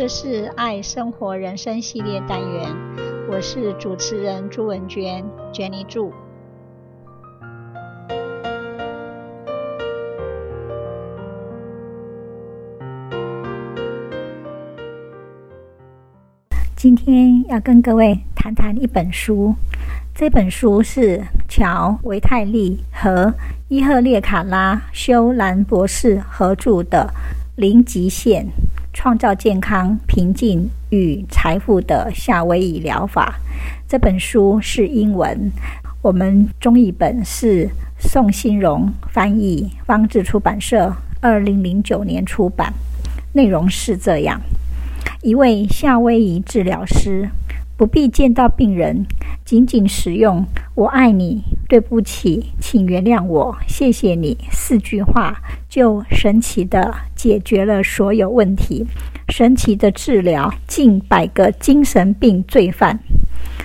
這是愛生活人生系列單元，我是主持人朱文娟。Jenny Chu，今天要跟各位談談一本書。這本書是喬·維泰利和伊賀列卡拉·修·藍博士合著的《零極限》。創造健康、平靜與財富的夏威夷療法。這本書是英文，我們中譯本是宋馨蓉翻譯，方智出版社二零零九年出版。內容是這樣：一位夏威夷治療師不必見到病人，僅僅使用“我愛你”、“對不起”、“請原諒我”、“謝謝你”四句話，就神奇地解決了所有問題，神奇地治療近百個精神病罪犯。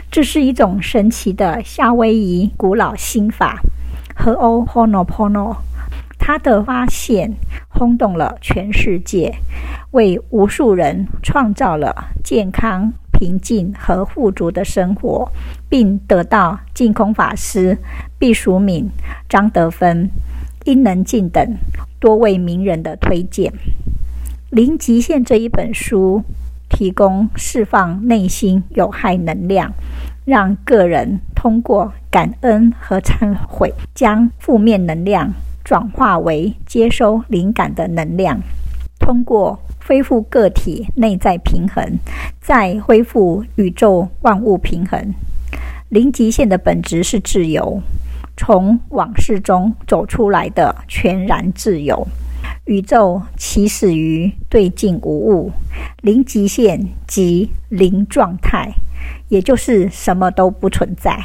這是一種神奇的夏威夷古老心法——「荷歐波諾波諾」。它的發現轟動了全世界，為無數人創造了健康。寧靜和富足的生活，並得到淨空法師、畢淑敏、張德芬、伊能靜等多位名人的推薦。《零極限》這一本書提供釋放內心有害能量，讓個人通過感恩和懺悔，將負面能量轉化為接收靈感的能量。通過。恢復個體內在平衡，再恢復宇宙萬物平衡。零極限的本質是自由，從往事中走出來的全然自由。宇宙起始於對鏡無物，零極限即零狀態，也就是什麼都不存在，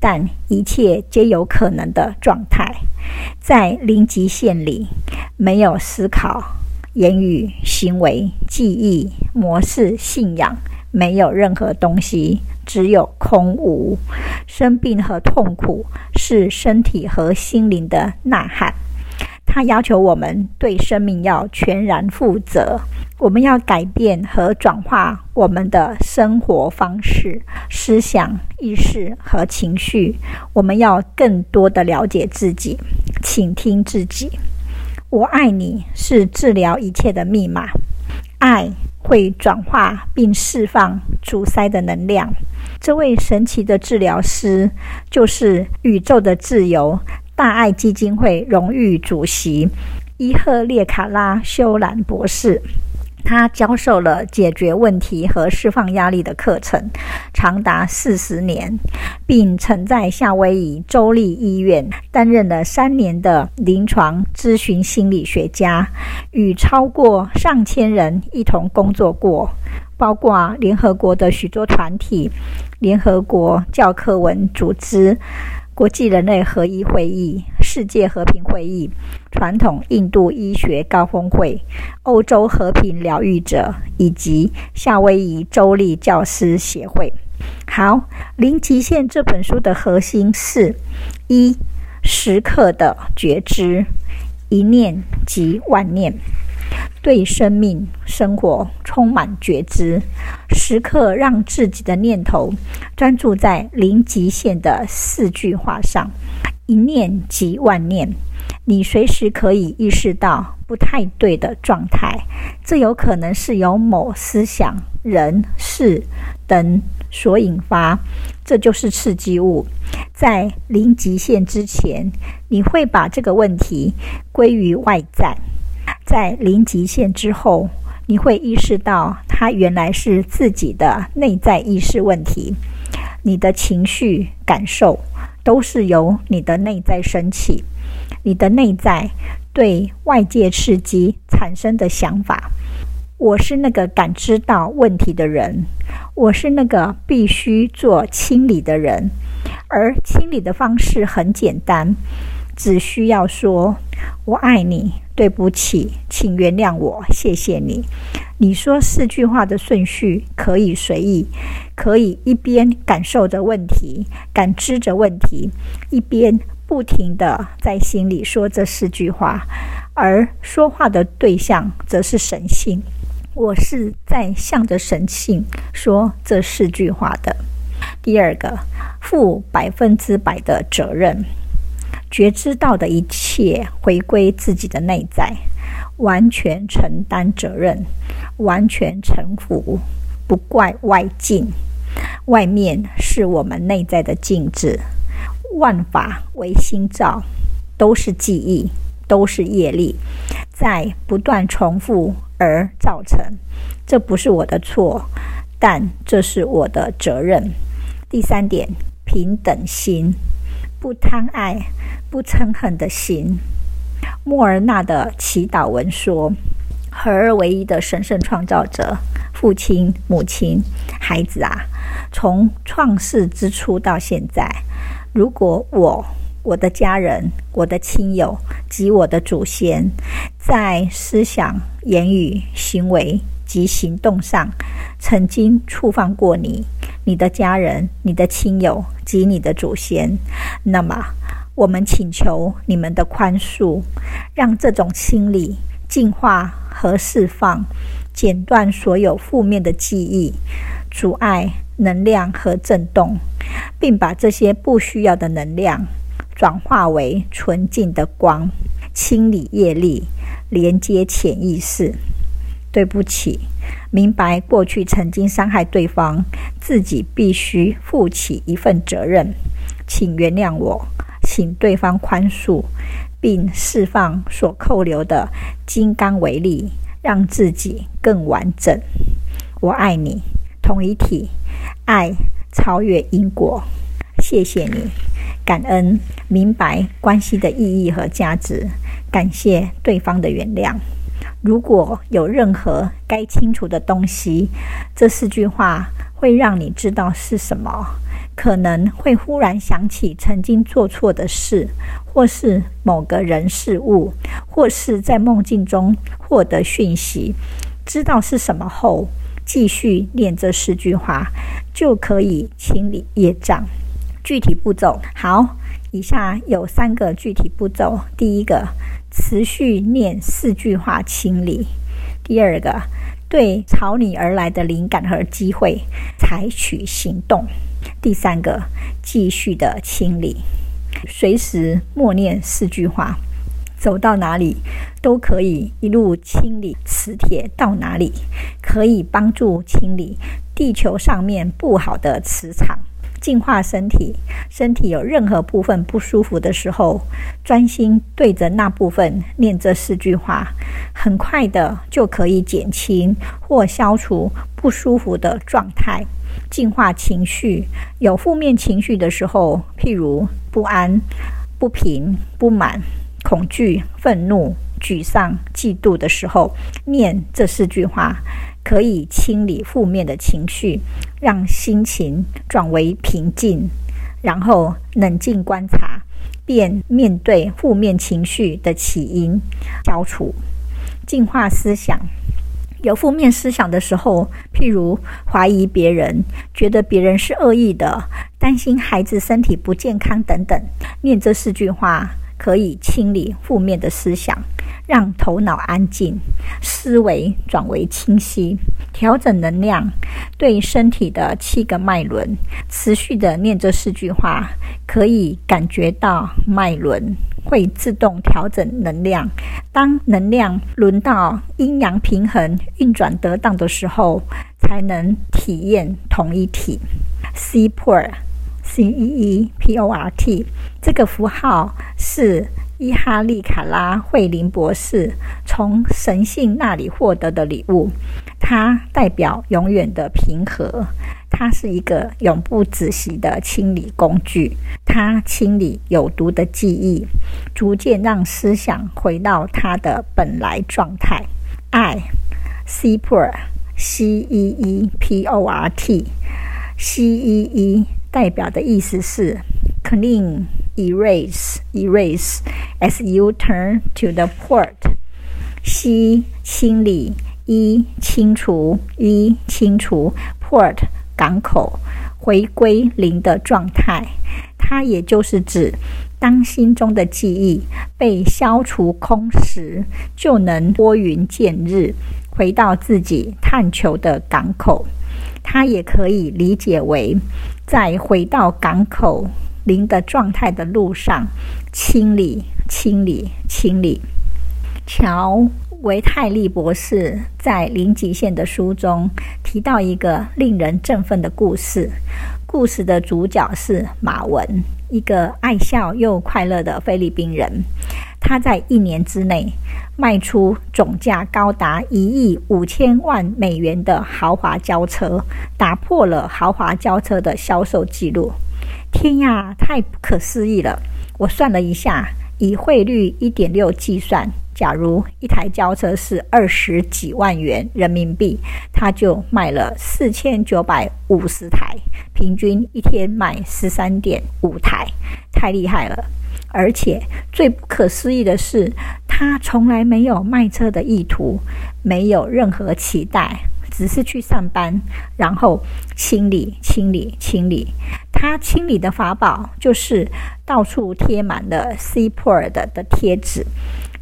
但一切皆有可能的狀態。在零極限裡，沒有思考。言語、行為、記憶、模式、信仰，沒有任何東西，只有空無。生病和痛苦是身體和心靈的吶喊，它要求我們對生命要全然負責。我們要改變和轉化我們的生活方式、思想、意識和情緒。我們要更多的了解自己，傾聽自己。我愛你是治療一切的密碼，愛會轉化並釋放阻塞的能量。這位神奇的治療師就是宇宙的自由大我基金會榮譽主席伊賀列卡拉·修·藍博士。他教授了解決問題和釋放壓力的課程，長達四十年，並曾在夏威夷州立醫院擔任了三年的臨床諮詢心理學家，與超過上千人一同工作過，包括聯合國的許多團體、聯合國教科文組織、國際人類合一會議、世界和平會議。傳統印度醫學高峰會、歐洲和平療癒者，以及夏威夷州立教師協會。好，《零極限》這本書的核心是：一、時刻的覺知；一念即萬念，對生命、生活充滿覺知，時刻讓自己的念頭專注在零極限的四句話上：一念即萬念。你隨時可以意識到不太對的狀態，這有可能是由某思想、人、事等所引發，這就是刺激物。在零極限之前，你會把這個問題歸於外在；在零極限之後，你會意識到它原來是自己的內在意識問題。你的情緒、感受都是由你的內在升起。你的內在對外界刺激產生的想法，我是那個感知到問題的人，我是那個必須做清理的人，而清理的方式很簡單，只需要說“我愛你”，“對不起”，“請原諒我”，“謝謝你”。你說四句話的順序可以隨意，可以一邊感受着問題，感知着問題，一邊不停地在心裡說這四句話，而說話的對象則是神性。我是在向着神性說這四句話的。第二個，負百分之百的責任，覺知到的一切回歸自己的內在，完全承擔責任，完全臣服，不怪外境。外面是我們內在的鏡子。萬法唯心造，都是記憶，都是業力，在不斷重複而造成。這不是我的錯，但這是我的責任。第三點，平等心，不貪愛、不嗔恨的心。莫爾納的祈禱文說：“合而為一的神聖創造者，父親、母親、孩子啊，從創世之初到現在。”如果我、我的家人、我的親友及我的祖先，在思想、言語、行為及行動上，曾經觸犯過你、你的家人、你的親友及你的祖先，那麼我們請求你們的寬恕，讓這種清理、淨化和釋放，剪斷所有負面的記憶，阻礙能量和振動。並把這些不需要的能量轉化為純淨的光，清理業力，連接潛意識。對不起，明白過去曾經傷害對方，自己必須負起一份責任。請原諒我，請對方寬恕，並釋放所扣留的金剛微粒，讓自己更完整。我愛你，同一體，愛。超越因果，謝謝你，感恩，明白關係的意義和價值，感謝對方的原諒。如果有任何該清除的東西，這四句話會讓你知道是什麼。可能會忽然想起曾經做錯的事，或是某個人事物，或是在夢境中獲得訊息。知道是什麼後，繼續念這四句話，就可以清理業障。具體步驟，好，以下有三個具體步驟：第一個，持續念四句話清理；第二個，對朝你而來的靈感和機會採取行動；第三個，繼續的清理，隨時默念四句話。走到哪裡都可以一路清理磁鐵，到哪裡可以幫助清理地球上面不好的磁場，淨化身體。身體有任何部分不舒服的時候，專心對着那部分念這四句話，很快的就可以減輕或消除不舒服的狀態。淨化情緒，有負面情緒的時候，譬如不安、不平、不滿、恐懼、憤怒、沮喪、嫉妒的時候，念這四句話，可以清理負面的情緒，讓心情轉為平靜，然後冷靜觀察，並面對負面情緒的起因，消除、淨化思想。有負面思想的時候，譬如懷疑別人，覺得別人是惡意的，擔心孩子身體不健康等等，念這四句話。可以清理負面的思想，讓頭腦安靜，思維轉為清晰，調整能量，對身體的七個脈輪持續地念這四句話，可以感覺到脈輪會自動調整能量。當能量輪到陰陽平衡、運轉得當的時候，才能體驗同一體。Ceeport C E E P O R T，這個符號是伊哈利卡拉慧林博士從神性那裡獲得的禮物。它代表永遠的平和。它是一個永不止息的清理工具。它清理有毒的記憶，逐漸讓思想回到它的本來狀態。愛，C E E P O R T C E E P O R T C E E。代表的意思是：clean, erase, erase, as you turn to the port. C 清理一，E、清除一，E、清除，port 港口，回歸零的狀態。它也就是指，當心中的記憶被消除空時，就能撥雲見日，回到自己探求的港口。他也可以理解為，在回到港口零的狀態的路上，清理、清理、清理。喬維泰利博士在《零極限》的書中提到一個令人振奮的故事，故事的主角是馬文，一個愛笑又快樂的菲律賓人。他在一年之內賣出總價高達一億五千萬美元的豪華轎車，打破了豪華轎車的銷售記錄。天呀，太不可思議了！我算了一下，以匯率一點六計算，假如一台轎車是二十幾萬元人民幣，他就賣了四千九百五十台，平均一天賣十三點五台，太厲害了！而且最不可思議的是，他從來沒有賣車的意圖，沒有任何期待，只是去上班，然後清理、清理、清理。他清理的法寶就是到處貼滿了 Ceeport 的的貼紙。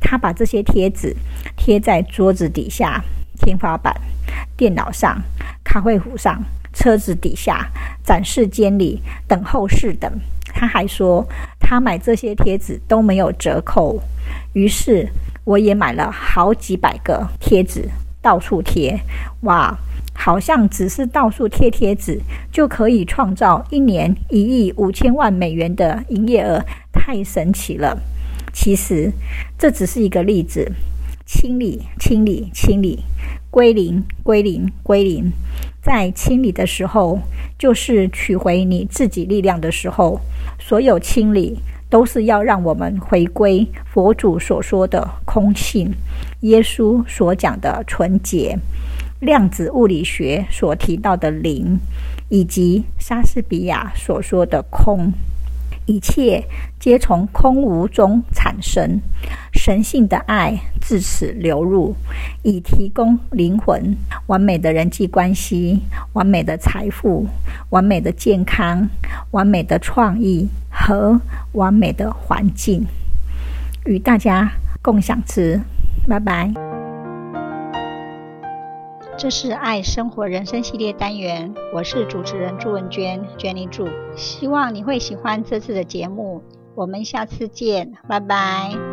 他把這些貼紙貼在桌子底下、天花板、電腦上、咖啡壺上、車子底下、展示間裡、等候室等。他還說他買這些貼紙都沒有折扣，於是我也買了好幾百個貼紙到處貼。哇，好像只是到處貼貼紙就可以創造一年一億五千萬美元的營業額，太神奇了！其實這只是一個例子，清理，清理，清理。歸零，歸零，歸零。在清理的時候，就是取回你自己力量的時候。所有清理都是要讓我們回歸佛祖所說的空性，耶穌所講的純潔，量子物理學所提到的零，以及莎士比亞所說的空。一切皆從空無中產生。神性的愛自此流入，以提供靈魂完美的人際關係、完美的財富、完美的健康、完美的創意和完美的環境，與大家共享之。拜拜。這是愛生活人生系列單元，我是主持人朱文娟，Jenny Zhu。希望你會喜歡這次的節目，我們下次見，拜拜。